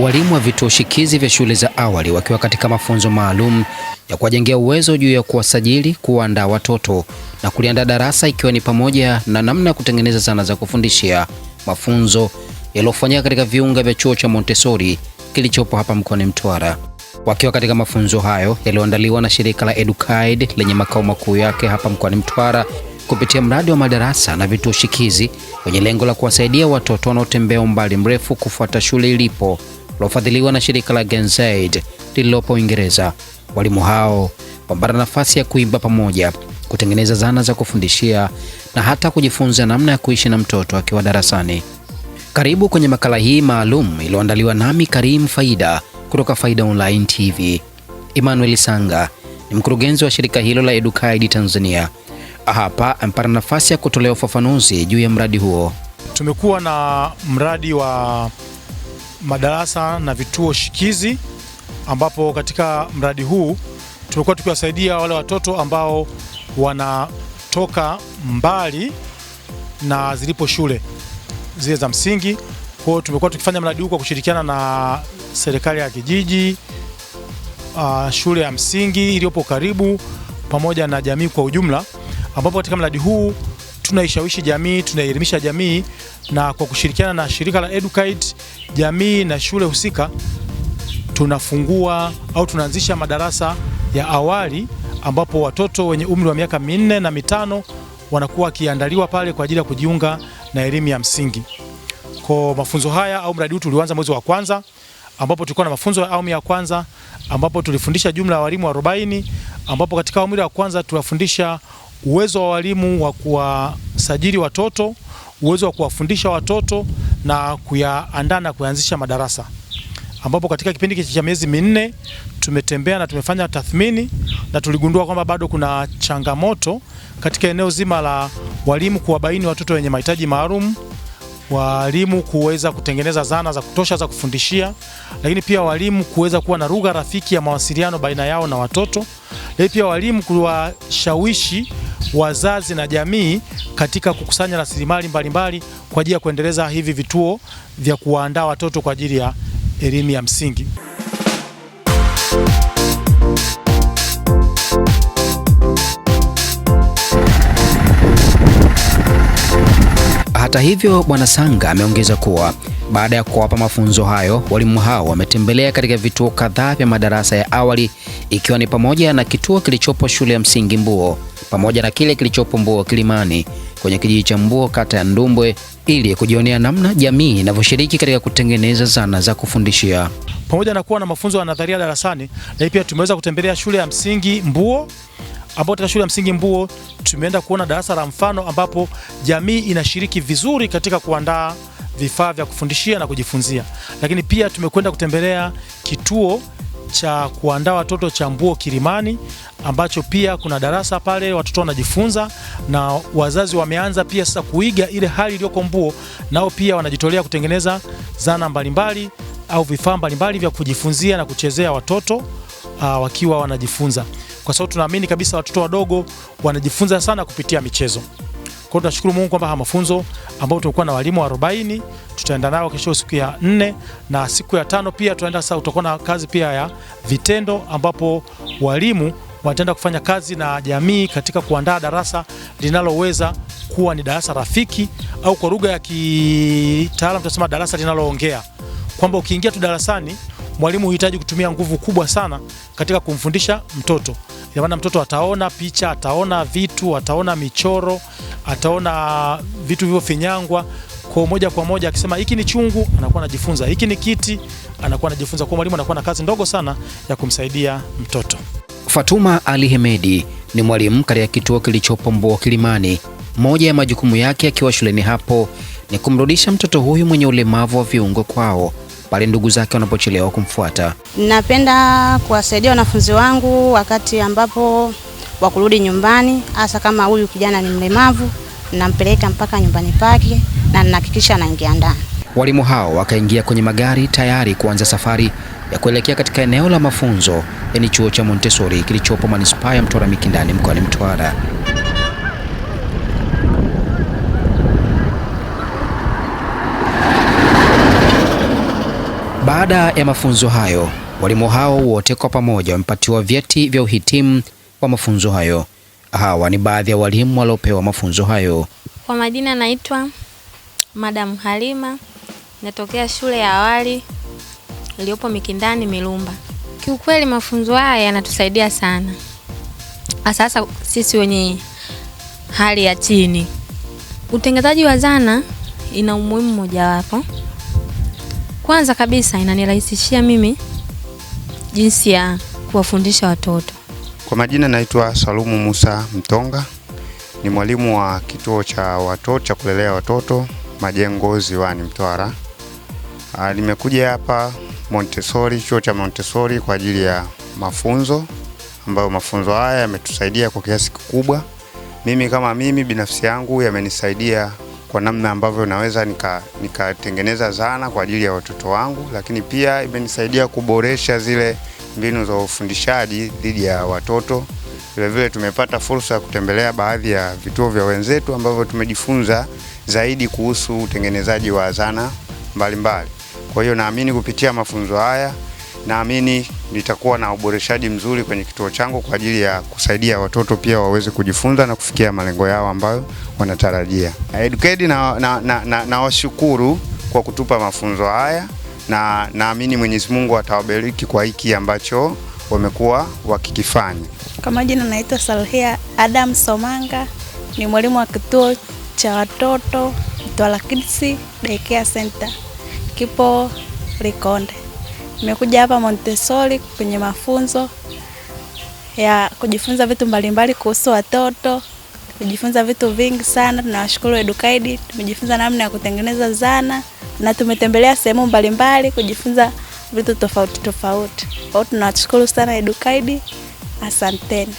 walimu wa vituo shikizi vya shule za awali wakiwa katika mafunzo maalum ya kuwajengea uwezo juu ya kuwasajili, kuwaandaa watoto na kuliandaa darasa, ikiwa ni pamoja na namna ya kutengeneza zana za kufundishia, mafunzo yaliyofanyika katika viunga vya chuo cha Montessori kilichopo hapa mkoani Mtwara. Wakiwa katika mafunzo hayo yaliyoandaliwa na shirika la Edukaid lenye makao makuu yake hapa mkoani Mtwara kupitia mradi wa madarasa na vituo shikizi wenye lengo la kuwasaidia watoto wanaotembea umbali mrefu kufuata shule ilipo lofadhiliwa na shirika la GenZaid lililopo Uingereza. Walimu hao wamepata nafasi ya kuimba pamoja, kutengeneza zana za kufundishia na hata kujifunza namna ya kuishi na mtoto akiwa darasani. Karibu kwenye makala hii maalum iliyoandaliwa nami Karim Faida kutoka Faida Online TV. Emmanuel Sanga ni mkurugenzi wa shirika hilo la Edukaid Tanzania. Hapa amepata nafasi ya kutolea ufafanuzi juu ya mradi huo. Tumekuwa na mradi wa madarasa na vituo shikizi, ambapo katika mradi huu tumekuwa tukiwasaidia wale watoto ambao wanatoka mbali na zilipo shule zile za msingi. Kwa hiyo tumekuwa tukifanya mradi huu kwa kushirikiana na serikali ya kijiji, uh, shule ya msingi iliyopo karibu pamoja na jamii kwa ujumla, ambapo katika mradi huu tunaishawishi jamii, tunaielimisha jamii, na kwa kushirikiana na shirika la Educate, jamii na shule husika tunafungua au tunaanzisha madarasa ya awali ambapo watoto wenye umri wa miaka minne na mitano wanakuwa wakiandaliwa pale kwa ajili ya kujiunga na elimu ya msingi. Kwa mafunzo haya au mradi huu tulianza mwezi wa kwanza ambapo tulikuwa na mafunzo ya awamu ya kwanza ambapo tulifundisha jumla ya walimu 40 ambapo katika awamu ya kwanza tuliwafundisha uwezo wa walimu wa kuwasajili watoto, uwezo wa kuwafundisha watoto na kuyaandaa na kuyaanzisha madarasa, ambapo katika kipindi cha miezi minne tumetembea na tumefanya tathmini na tuligundua kwamba bado kuna changamoto katika eneo zima la walimu kuwabaini watoto wenye mahitaji maalum, walimu kuweza kutengeneza zana za kutosha za kufundishia, lakini pia walimu kuweza kuwa na lugha rafiki ya mawasiliano baina yao na watoto, lakini pia walimu kuwashawishi wazazi na jamii katika kukusanya rasilimali mbalimbali kwa ajili ya kuendeleza hivi vituo vya kuwaandaa watoto kwa ajili ya elimu ya msingi. Hata hivyo, Bwana Sanga ameongeza kuwa baada ya kuwapa mafunzo hayo, walimu hao wametembelea katika vituo kadhaa vya madarasa ya awali ikiwa ni pamoja na kituo kilichopo shule ya msingi Mbuo pamoja na kile kilichopo Mbuo Kilimani kwenye kijiji cha Mbuo kata ya Ndumbwe ili kujionea namna jamii inavyoshiriki katika kutengeneza zana za kufundishia. Pamoja na kuwa na mafunzo ya nadharia darasani, na pia tumeweza kutembelea shule ya msingi Mbuo ambapo katika shule ya msingi Mbuo tumeenda kuona darasa la mfano ambapo jamii inashiriki vizuri katika kuandaa vifaa vya kufundishia na kujifunzia, lakini pia tumekwenda kutembelea kituo cha kuandaa watoto cha Mbuo Kilimani ambacho pia kuna darasa pale watoto wanajifunza, na wazazi wameanza pia sasa kuiga ile hali iliyoko Mbuo, nao pia wanajitolea kutengeneza zana mbalimbali au vifaa mbalimbali vya kujifunzia na kuchezea watoto aa, ah, wakiwa wanajifunza, kwa sababu tunaamini kabisa watoto wadogo wanajifunza sana kupitia michezo. Kwa hiyo tunashukuru Mungu kwamba haya mafunzo ambayo tulikuwa na walimu 40 tutaenda nao kesho siku ya nne na siku ya tano pia tutaenda sasa, utakuwa na kazi pia ya vitendo ambapo walimu wataenda kufanya kazi na jamii katika kuandaa darasa linaloweza kuwa ni darasa rafiki au kwa lugha ya kitaalamu tunasema darasa linaloongea, kwamba ukiingia tu darasani mwalimu huhitaji kutumia nguvu kubwa sana katika kumfundisha mtoto. Ina maana mtoto ataona picha, ataona vitu, ataona michoro, ataona vitu hivyo finyangwa kwa moja kwa moja, akisema hiki ni chungu, anakuwa anajifunza, hiki ni kiti, anakuwa anajifunza. Kwa mwalimu anakuwa na kazi ndogo sana ya kumsaidia mtoto. Fatuma Ali Hemedi ni mwalimu katika kituo kilichopo Mbuo Kilimani. Moja ya majukumu yake akiwa shuleni hapo ni kumrudisha mtoto huyu mwenye ulemavu wa viungo kwao pale ndugu zake wanapochelewa kumfuata. Napenda kuwasaidia wanafunzi wangu wakati ambapo wa kurudi nyumbani, hasa kama huyu kijana ni mlemavu, nampeleka mpaka nyumbani pake na ninahakikisha anaingia ndani. Walimu hao wakaingia kwenye magari tayari kuanza safari ya kuelekea katika eneo la mafunzo yaani chuo cha Montessori kilichopo manispaa ya Mtwara Mikindani mkoani Mtwara. Baada ya mafunzo hayo, walimu hao wote kwa pamoja wamepatiwa vyeti vya uhitimu wa mafunzo hayo. Hawa ni baadhi ya walimu waliopewa mafunzo hayo. Kwa majina naitwa Madam Halima, natokea shule ya awali iliyopo Mikindani Milumba. Kiukweli mafunzo haya yanatusaidia sana, sasa sisi wenye hali ya chini. Utengenezaji wa zana ina umuhimu mojawapo. Kwanza kabisa inanirahisishia mimi jinsi ya kuwafundisha watoto kwa majina naitwa Salumu Musa Mtonga, ni mwalimu wa kituo cha watoto cha kulelea watoto Majengo Ziwani Mtwara. Ah, nimekuja hapa Montessori, chuo cha Montessori kwa ajili ya mafunzo ambayo mafunzo haya yametusaidia kwa kiasi kikubwa. Mimi kama mimi binafsi yangu yamenisaidia kwa namna ambavyo naweza nikatengeneza nika zana kwa ajili ya watoto wangu, lakini pia imenisaidia kuboresha zile mbinu za ufundishaji dhidi ya watoto. Vilevile tumepata fursa ya kutembelea baadhi ya vituo vya wenzetu ambavyo tumejifunza zaidi kuhusu utengenezaji wa zana mbalimbali. Kwa hiyo naamini kupitia mafunzo haya, naamini nitakuwa na uboreshaji mzuri kwenye kituo changu kwa ajili ya kusaidia watoto pia waweze kujifunza na kufikia malengo yao ambayo wanatarajia. Educade na, na, na, na, na washukuru kwa kutupa mafunzo haya na naamini Mwenyezi Mungu atawabariki kwa hiki ambacho wamekuwa wakikifanya. Kwa majina naitwa Salhia Adam Somanga, ni mwalimu wa kituo cha watoto Mtwara Kids Daycare Center kipo Likonde. Nimekuja hapa Montessori kwenye mafunzo ya kujifunza vitu mbalimbali kuhusu watoto. Tumejifunza vitu vingi sana, tunawashukuru Edukaidi. Tumejifunza namna ya kutengeneza zana na tumetembelea sehemu mbalimbali kujifunza vitu tofauti tofauti. Kwa hiyo tunashukuru sana edukaidi asanteni.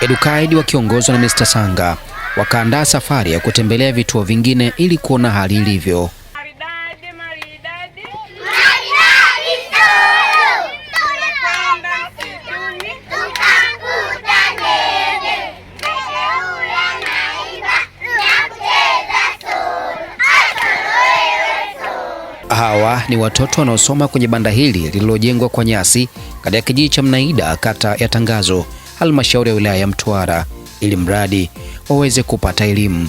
edukaidi wakiongozwa na Mr. Sanga wakaandaa safari ya kutembelea vituo vingine ili kuona hali ilivyo. Hawa ni watoto wanaosoma kwenye banda hili lililojengwa kwa nyasi katika kijiji cha Mnaida, kata ya Tangazo, halmashauri ya wilaya ya Mtwara, ili mradi waweze kupata elimu.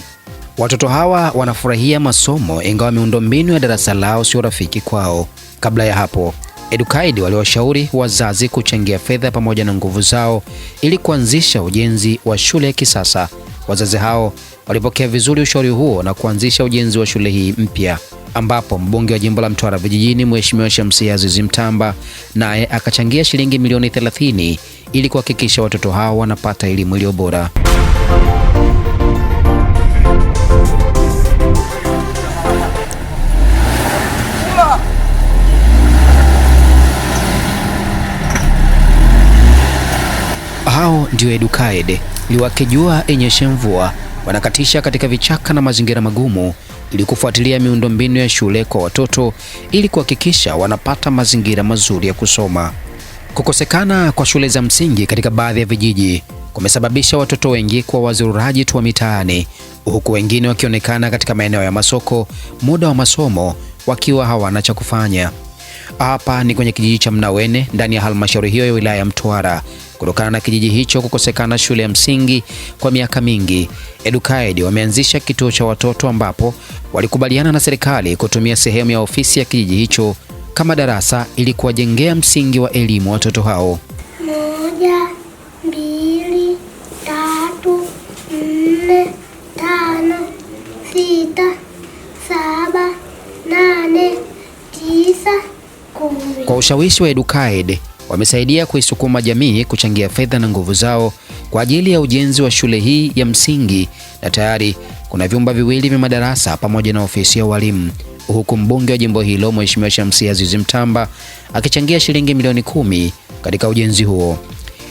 Watoto hawa wanafurahia masomo ingawa miundombinu ya darasa lao sio rafiki kwao. Kabla ya hapo, Edukaid waliwashauri wazazi kuchangia fedha pamoja na nguvu zao ili kuanzisha ujenzi wa shule ya kisasa. Wazazi hao walipokea vizuri ushauri huo na kuanzisha ujenzi wa shule hii mpya ambapo mbunge wa jimbo la Mtwara Vijijini Mheshimiwa Shamsia Azizi Mtamba naye akachangia shilingi milioni 30 ili kuhakikisha watoto hao wanapata elimu iliyo bora. Hao ndio Edukaid liwakejua enyeshe mvua wanakatisha katika vichaka na mazingira magumu ili kufuatilia miundombinu ya shule kwa watoto ili kuhakikisha wanapata mazingira mazuri ya kusoma. Kukosekana kwa shule za msingi katika baadhi ya vijiji kumesababisha watoto wengi kuwa wazururaji tu wa mitaani, huku wengine wakionekana katika maeneo ya masoko muda wa masomo wakiwa hawana cha kufanya. Hapa ni kwenye kijiji cha Mnawene ndani ya halmashauri hiyo ya wilaya ya Mtwara kutokana na kijiji hicho kukosekana shule ya msingi kwa miaka mingi. Edukaid wameanzisha kituo cha watoto ambapo walikubaliana na serikali kutumia sehemu ya ofisi ya kijiji hicho kama darasa ili kuwajengea msingi wa elimu watoto hao. Moja, mbili, tatu, nne, tano, sita, saba, nane, tisa, kumi. Kwa ushawishi wa Edukaid wamesaidia kuisukuma jamii kuchangia fedha na nguvu zao kwa ajili ya ujenzi wa shule hii ya msingi na tayari kuna vyumba viwili vya madarasa pamoja na ofisi ya walimu, huku mbunge wa jimbo hilo Mheshimiwa Shamsia Azizi Mtamba akichangia shilingi milioni kumi katika ujenzi huo.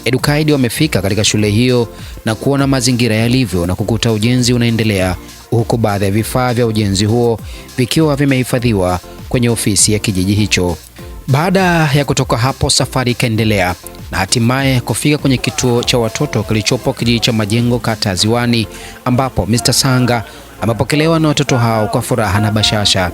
Edukaidi wamefika katika shule hiyo na kuona mazingira yalivyo na kukuta ujenzi unaendelea, huku baadhi ya vifaa vya ujenzi huo vikiwa vimehifadhiwa kwenye ofisi ya kijiji hicho. Baada ya kutoka hapo, safari ikaendelea na hatimaye kufika kwenye kituo cha watoto kilichopo kijiji cha Majengo, kata ya Ziwani, ambapo Mr. Sanga amepokelewa na watoto hao kwa furaha na bashasha.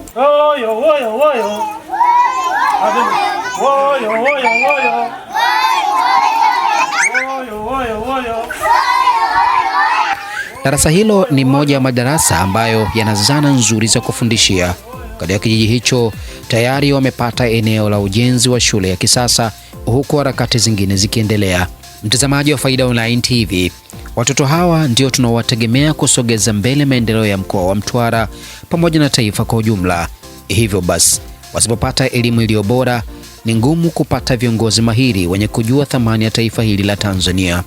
Darasa hilo ni moja ya madarasa ambayo yana zana nzuri za kufundishia katika kijiji hicho tayari wamepata eneo la ujenzi wa shule ya kisasa huku harakati zingine zikiendelea. Mtazamaji wa Faida Online TV, watoto hawa ndio tunaowategemea kusogeza mbele maendeleo ya mkoa wa Mtwara pamoja na taifa kwa ujumla. Hivyo basi, wasipopata elimu iliyo bora ni ngumu kupata viongozi mahiri wenye kujua thamani ya taifa hili la Tanzania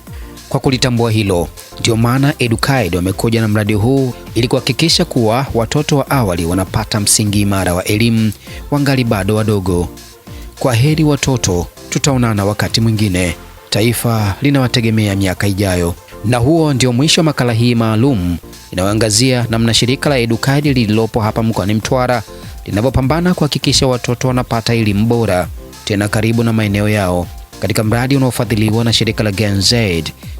kwa kulitambua hilo. Ndio maana edukaid wamekuja na mradi huu ili kuhakikisha kuwa watoto wa awali wanapata msingi imara wa elimu wangali bado wadogo. Kwa heri watoto, tutaonana wakati mwingine. Taifa linawategemea miaka ijayo. Na huo ndio mwisho wa makala hii maalum inayoangazia namna shirika la edukaid lililopo hapa mkoani Mtwara linavyopambana kuhakikisha watoto wanapata elimu bora tena karibu na maeneo yao katika mradi unaofadhiliwa na shirika la GenZ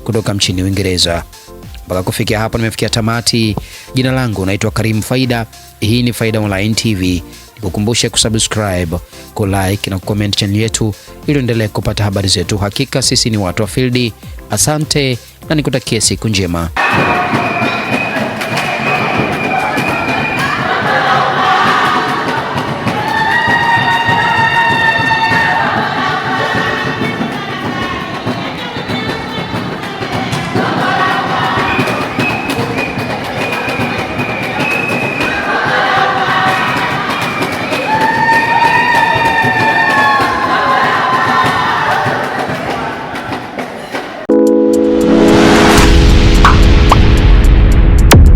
kutoka nchini Uingereza. Mpaka kufikia hapo nimefikia tamati. Jina langu naitwa Karim Faida. Hii ni Faida Online TV. Nikukumbushe kusubscribe, kulike na kucomment channel yetu ili uendelee kupata habari zetu. Hakika sisi ni watu wa field. Asante na nikutakie siku njema.